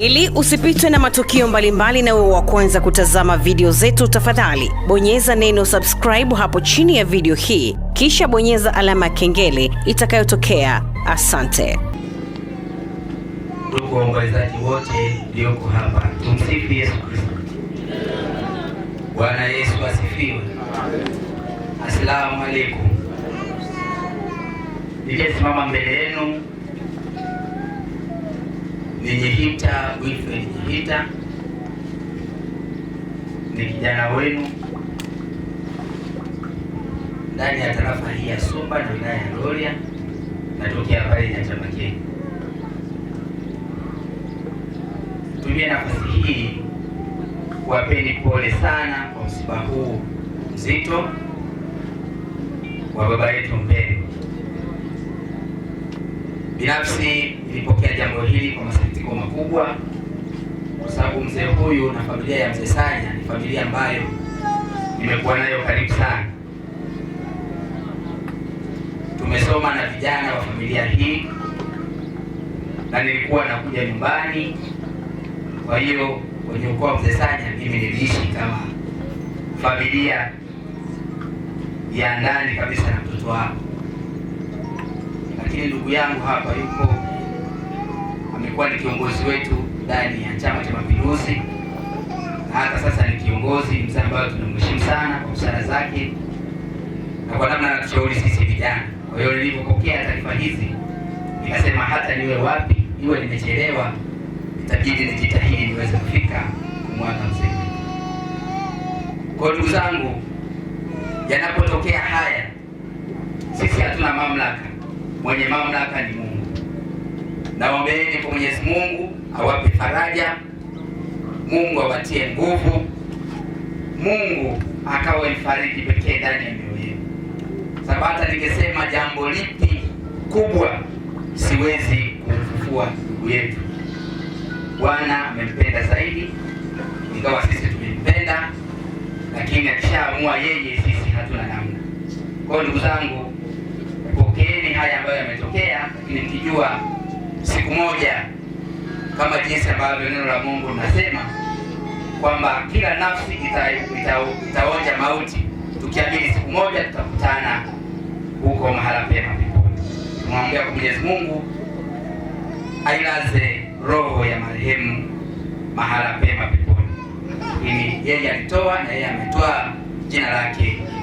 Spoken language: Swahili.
Ili usipitwe na matukio mbalimbali na wewe wa kwanza kutazama video zetu, tafadhali bonyeza neno subscribe hapo chini ya video hii, kisha bonyeza alama ya kengele itakayotokea. Asante ndugu waombolezaji wote mlioko hapa, tumsifu Yesu Kristo. Bwana Yesu asifiwe. Asalamu alaykum. mbele yenu Nijihita Wilfred Jihita ni kijana wenu ndani ya tarafa hii ya Sumba na wilaya ya Rorya, natokea pale Nyachamakeni. Tumie nafasi hii kuwapeni pole sana kwa msiba huu mzito wa baba yetu mpendwa. Binafsi nilipokea jambo hili kwa masikitiko makubwa, kwa sababu mzee huyu na familia ya mzee Sanya ni familia ambayo nimekuwa nayo karibu sana. Tumesoma na vijana wa familia hii na nilikuwa nakuja nyumbani. Kwa hiyo kwenye ukoo wa mzee Sanya mimi niliishi kama familia ya ndani kabisa na mtoto wangu, lakini ndugu yangu hapa yuko amekuwa ni kiongozi wetu ndani ya Chama cha Mapinduzi, hata sasa ni kiongozi mzee ambayo tunamheshimu sana kwa busara zake na kwa namna anatushauri sisi vijana. Kwa hiyo nilipopokea taarifa hizi nikasema hata niwe wapi, iwe nimechelewa, itabidi nijitahidi niweze kufika kumwaga mzee. Kwa ndugu zangu, yanapotokea haya, sisi hatuna mamlaka, mwenye mamlaka ni Mungu. Naombeeni kwa Mwenyezi Mungu awape faraja, Mungu awatie nguvu, Mungu akawa mfariji pekee ndani ya mioyo yenu. Sabata, ningesema jambo lipi kubwa, siwezi kumfufua ndugu yetu. Bwana amempenda zaidi, ingawa sisi tumempenda, lakini akishaamua yeye, sisi hatuna namna. Kwa hiyo ndugu zangu, pokeeni haya ambayo yametokea, lakini mkijua siku moja, kama jinsi ambavyo neno la Mungu linasema kwamba kila nafsi ita, ita, itaonja mauti. Tukiamini siku moja tutakutana huko mahala pema peponi. Tumwambia kwa Mwenyezi Mungu ailaze roho ya marehemu mahala pema peponi, ini yeye alitoa na yeye ametoa, jina lake